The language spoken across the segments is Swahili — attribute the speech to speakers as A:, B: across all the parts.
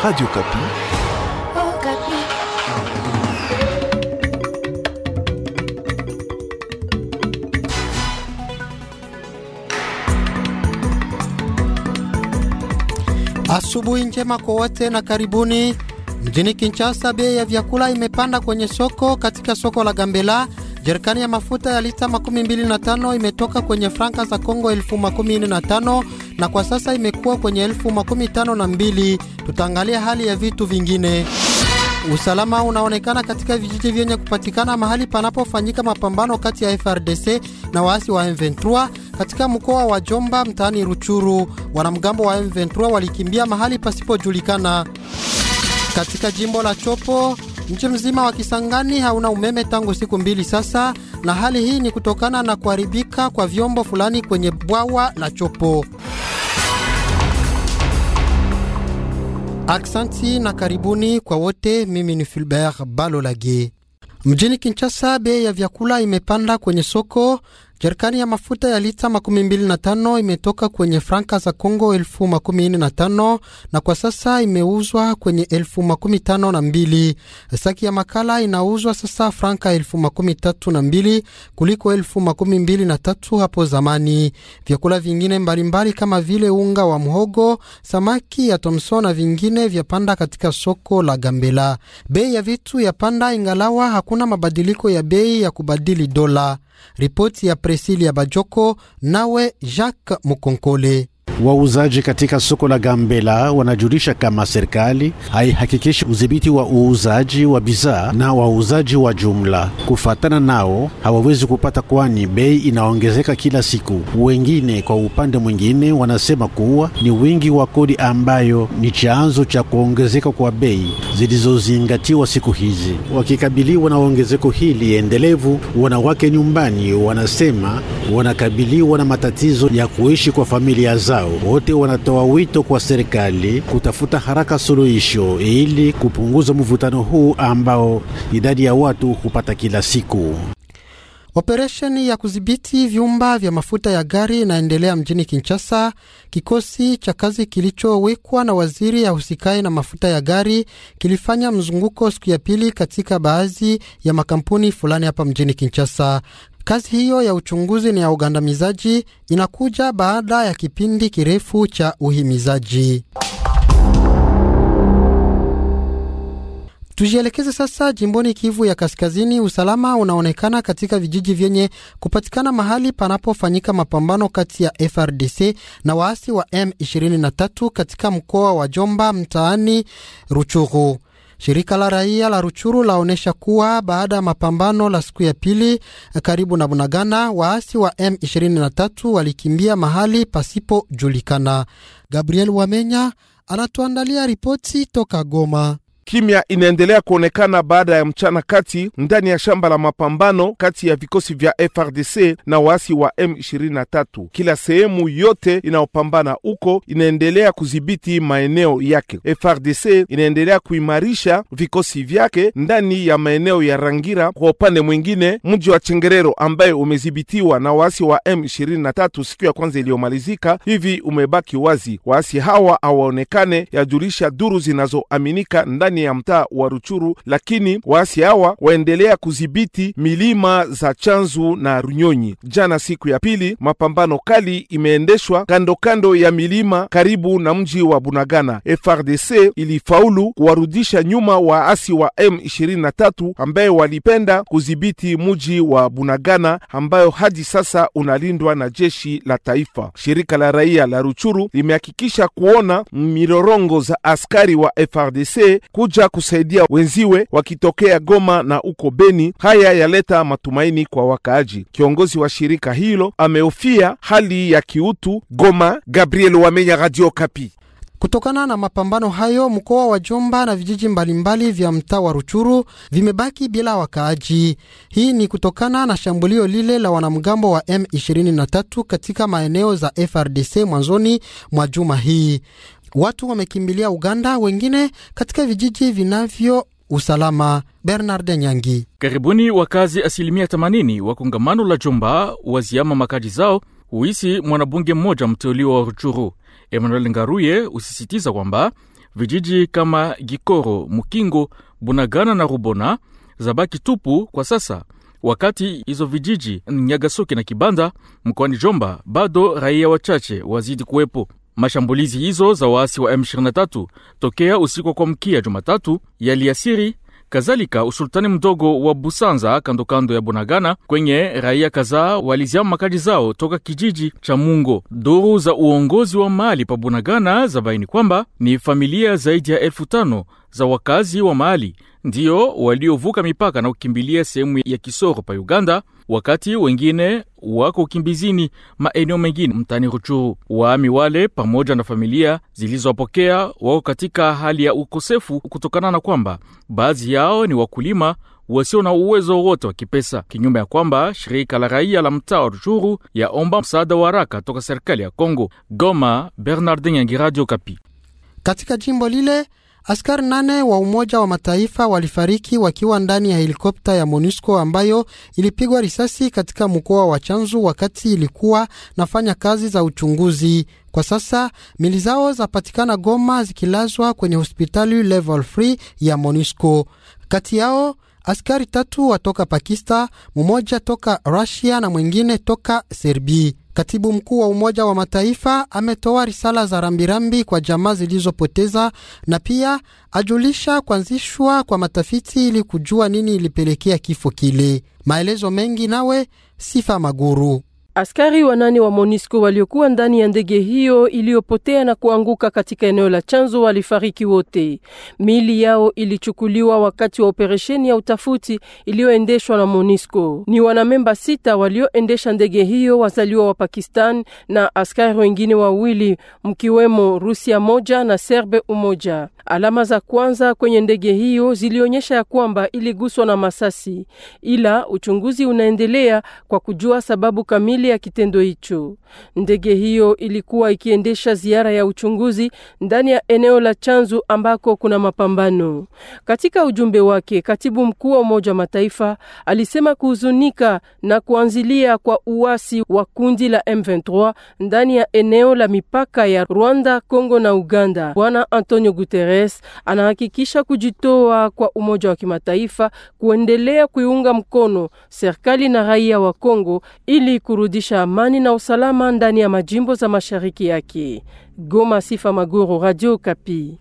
A: Radio Kapi.
B: Oh, Kapi.
C: Asubuhi njema kwa wote na karibuni. Mjini Kinshasa bei ya vyakula imepanda kwenye soko katika soko la Gambela Jerikani ya mafuta ya lita 25 imetoka kwenye franka za Kongo elfu na kwa sasa imekuwa kwenye elfu Tutaangalia hali ya vitu vingine. Usalama unaonekana katika vijiji vyenye kupatikana mahali panapofanyika mapambano kati ya FRDC na waasi wa M23 katika mkoa wa Jomba mtaani Ruchuru. Wanamgambo wa M23 walikimbia mahali pasipojulikana katika jimbo la Chopo. Mji mzima wa Kisangani hauna umeme tangu siku mbili sasa, na hali hii ni kutokana na kuharibika kwa vyombo fulani kwenye bwawa la Chopo. Aksanti na karibuni kwa wote. Mimi ni Fulbert Balolage. Mjini Kinshasa, bei ya vyakula imepanda kwenye soko Jerikani ya mafuta ya lita makumi mbili na tano imetoka kwenye franka za congo elfu makumi nne na tano na kwa sasa imeuzwa kwenye elfu makumi tano na mbili. Saki ya makala inauzwa sasa franka elfu makumi tatu na mbili kuliko elfu makumi mbili na tatu hapo zamani. Vyakula vingine mbalimbali kama vile unga wa mhogo, samaki ya Thomson na vingine vyapanda katika soko la Gambela. Bei ya vitu yapanda ingalawa hakuna mabadiliko ya bei ya kubadili dola. Ripoti ya pre Presilia Bajoko
B: nawe Jacques Mukonkole. Wauzaji katika soko la Gambela wanajulisha kama serikali haihakikishi udhibiti wa uuzaji wa bidhaa na wauzaji wa jumla. Kufatana nao, hawawezi kupata, kwani bei inaongezeka kila siku. Wengine kwa upande mwingine wanasema kuwa ni wingi wa kodi ambayo ni chanzo cha kuongezeka kwa bei zilizozingatiwa siku hizi. Wakikabiliwa na ongezeko hili endelevu, wanawake nyumbani wanasema wanakabiliwa na matatizo ya kuishi kwa familia zao yao. Wote wanatoa wito kwa serikali kutafuta haraka suluhisho ili kupunguza mvutano huu ambao idadi ya watu hupata kila siku. Operesheni ya kudhibiti vyumba vya
C: mafuta ya gari inaendelea mjini Kinshasa. Kikosi cha kazi kilichowekwa na waziri ya husikai na mafuta ya gari kilifanya mzunguko siku ya pili katika baadhi ya makampuni fulani hapa mjini Kinshasa. Kazi hiyo ya uchunguzi ni ya ugandamizaji inakuja baada ya kipindi kirefu cha uhimizaji. Tujielekeze sasa jimboni Kivu ya Kaskazini. Usalama unaonekana katika vijiji vyenye kupatikana mahali panapofanyika mapambano kati ya FRDC na waasi wa M23 katika mkoa wa Jomba mtaani Ruchuru. Shirika la raia la Ruchuru laonyesha kuwa baada ya mapambano la siku ya pili karibu na Bunagana, waasi wa M23 walikimbia mahali pasipojulikana. Gabriel Wamenya anatuandalia ripoti toka Goma.
A: Kimya inaendelea kuonekana baada ya mchana kati ndani ya shamba la mapambano kati ya vikosi vya FRDC na waasi wa M23. Kila sehemu yote inayopambana huko inaendelea kudhibiti maeneo yake. FRDC inaendelea kuimarisha vikosi vyake ndani ya maeneo ya Rangira. Kwa upande mwingine, mji wa Chengerero ambaye umedhibitiwa na waasi wa M23 siku ya kwanza iliyomalizika hivi umebaki wazi, waasi hawa hawaonekane, yajulisha duru zinazoaminika ndani ndani ya mtaa wa Ruchuru, lakini waasi hawa waendelea kudhibiti milima za Chanzu na Runyonyi. Jana siku ya pili, mapambano kali imeendeshwa kando kando ya milima karibu na mji wa Bunagana. FRDC ilifaulu kuwarudisha nyuma waasi wa M23 ambaye walipenda kudhibiti mji wa Bunagana ambayo hadi sasa unalindwa na jeshi la taifa. Shirika la raia la Ruchuru limehakikisha kuona mirorongo za askari wa FRDC kuja kusaidia wenziwe wakitokea Goma na uko Beni. Haya yaleta matumaini kwa wakaaji. Kiongozi wa shirika hilo amehofia hali ya kiutu Goma. Gabriel Wamenya, Radio Kapi.
C: Kutokana na mapambano hayo, mkoa wa Jomba na vijiji mbalimbali vya mtaa wa Ruchuru vimebaki bila wakaaji. Hii ni kutokana na shambulio lile la wanamgambo wa M23 katika maeneo za FRDC mwanzoni mwa juma hii watu wamekimbilia Uganda, wengine katika vijiji vinavyo usalama. Bernard Nyangi.
D: Karibuni wakazi asilimia 80 wa kongamano la Jomba waziama makaji zao, huisi mwanabunge mmoja mteuliwa wa Ruchuru Emmanuel Ngaruye husisitiza kwamba vijiji kama Gikoro, Mukingo, Bunagana na Rubona zabaki tupu kwa sasa, wakati hizo vijiji Nyagasoke na Kibanda mkoani Jomba bado raia wachache wazidi kuwepo. Mashambulizi hizo za waasi wa M23 tokea usiku kwa mkia Jumatatu yaliasiri kadhalika usultani mdogo wa Busanza kando kando ya Bunagana, kwenye raia kadhaa waliziama makaji zao toka kijiji cha Mungo. Duru za uongozi wa mali pa Bunagana baini kwamba ni familia zaidi ya elfu tano za wakazi wa mali ndiyo waliovuka mipaka na kukimbilia sehemu ya Kisoro pa Uganda wakati wengine wako ukimbizini maeneo mengine mtani Ruchuru. Waami wale pamoja na familia zilizowapokea wako katika hali ya ukosefu kutokana na kwamba baadhi yao ni wakulima wasio na uwezo wowote wa kipesa, kinyume ya kwamba shirika la raia la mtaa wa Ruchuru yaomba msaada wa haraka toka serikali ya Kongo. Goma, Bernardin Yangi, Radio Kapi. Katika
C: jimbo lile Askari nane wa Umoja wa Mataifa walifariki wakiwa ndani ya helikopta ya MONUSCO ambayo ilipigwa risasi katika mkoa wa Chanzu wakati ilikuwa nafanya kazi za uchunguzi. Kwa sasa mili zao zapatikana Goma zikilazwa kwenye hospitali level 3 ya MONUSCO. Kati yao askari tatu watoka Pakistan, mmoja toka Rusia na mwingine toka Serbia. Katibu mkuu wa Umoja wa Mataifa ametoa risala za rambirambi kwa jamaa zilizopoteza na pia ajulisha kuanzishwa kwa matafiti ili kujua nini ilipelekea kifo kile.
E: Maelezo mengi nawe
C: Sifa Maguru.
E: Askari wanane wa MONUSCO waliokuwa ndani ya ndege hiyo iliyopotea na kuanguka katika eneo la chanzo walifariki wote. mili yao ilichukuliwa wakati wa operesheni ya utafuti iliyoendeshwa na MONUSCO. Ni wanamemba sita walioendesha ndege hiyo, wazaliwa wa Pakistan na askari wengine wawili, mkiwemo Rusia moja na Serbe umoja. Alama za kwanza kwenye ndege hiyo zilionyesha ya kwamba iliguswa na masasi, ila uchunguzi unaendelea kwa kujua sababu kamili mbele ya kitendo hicho. Ndege hiyo ilikuwa ikiendesha ziara ya uchunguzi ndani ya eneo la chanzo ambako kuna mapambano. Katika ujumbe wake, katibu mkuu wa Umoja wa Mataifa alisema kuhuzunika na kuanzilia kwa uasi wa kundi la M23 ndani ya eneo la mipaka ya Rwanda, Kongo na Uganda. Bwana Antonio Guterres anahakikisha kujitoa kwa Umoja wa Kimataifa kuendelea kuiunga mkono serikali na raia wa Kongo ili kurudi kurudisha amani na usalama ndani ya majimbo za mashariki yake. Goma, Sifa Maguru, Radio Kapi.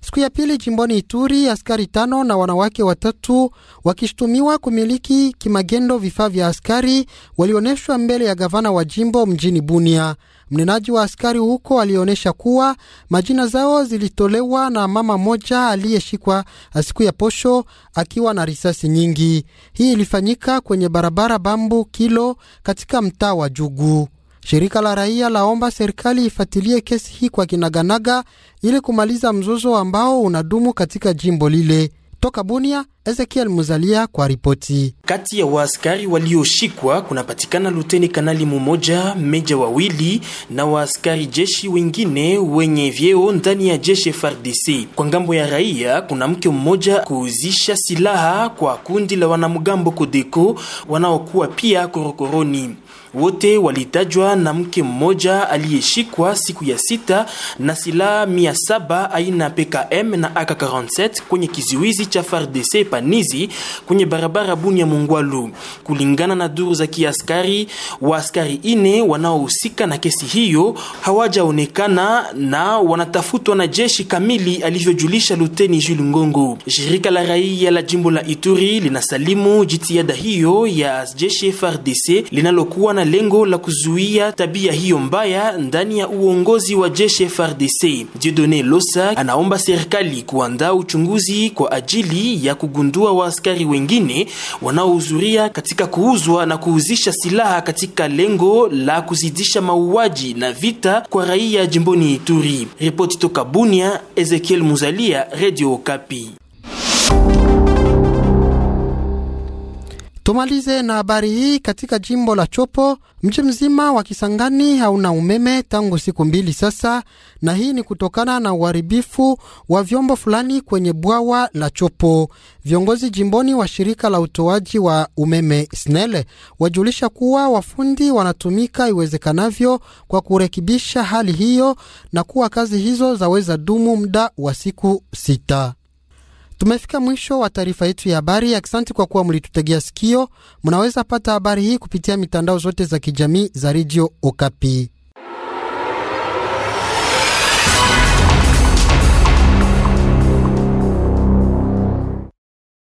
E: Siku ya pili
C: jimboni Ituri, askari tano na wanawake watatu wakishutumiwa kumiliki kimagendo vifaa vya askari walioneshwa mbele ya gavana wa jimbo mjini Bunia. Mnenaji wa askari huko alionyesha kuwa majina zao zilitolewa na mama mmoja aliyeshikwa siku ya posho akiwa na risasi nyingi. Hii ilifanyika kwenye barabara Bambu Kilo katika mtaa wa Jugu. Shirika la raia laomba serikali ifatilie kesi hii kwa kinaganaga ili kumaliza mzozo ambao unadumu katika jimbo lile. Toka Bunia, Ezekiel Muzalia kwa ripoti.
B: Kati ya waaskari walioshikwa kunapatikana luteni kanali mmoja, meja wawili na waaskari jeshi wengine wenye vyeo ndani ya jeshi FARDC. Kwa ngambo ya raia kuna mke mmoja kuuzisha silaha kwa kundi la wanamgambo Kodeko wanaokuwa pia korokoroni. Wote walitajwa na mke mmoja aliyeshikwa siku ya sita na silaha mia saba aina PKM na AK47 kwenye kiziwizi cha FARDC Panizi kwenye barabara Bunia Mungwalu. Kulingana na duru za kiaskari, wa askari ine wanaohusika na kesi hiyo hawajaonekana na wanatafutwa na jeshi kamili, alivyojulisha Luteni Jules Ngongo. Shirika la raia la jimbo la Ituri linasalimu jitihada hiyo ya jeshi FARDC linalokuwa na na lengo la kuzuia tabia hiyo mbaya ndani ya uongozi wa jeshi FRDC. Dieudonne Losa anaomba serikali kuandaa uchunguzi kwa ajili ya kugundua waaskari wengine wanaohudhuria katika kuuzwa na kuuzisha silaha katika lengo la kuzidisha mauaji na vita kwa raia jimboni Ituri. Ripoti toka Bunia, Ezekiel Muzalia, Radio Okapi.
C: Tumalize na habari hii katika jimbo la Chopo. Mji mzima wa Kisangani hauna umeme tangu siku mbili sasa, na hii ni kutokana na uharibifu wa vyombo fulani kwenye bwawa la Chopo. Viongozi jimboni wa shirika la utoaji wa umeme SNEL wajulisha kuwa wafundi wanatumika iwezekanavyo kwa kurekebisha hali hiyo na kuwa kazi hizo zaweza dumu muda wa siku sita. Tumefika mwisho wa taarifa yetu ya habari. Aksanti kwa kuwa mlitutegea sikio. Mnaweza pata habari hii kupitia mitandao zote za kijamii za redio Okapi.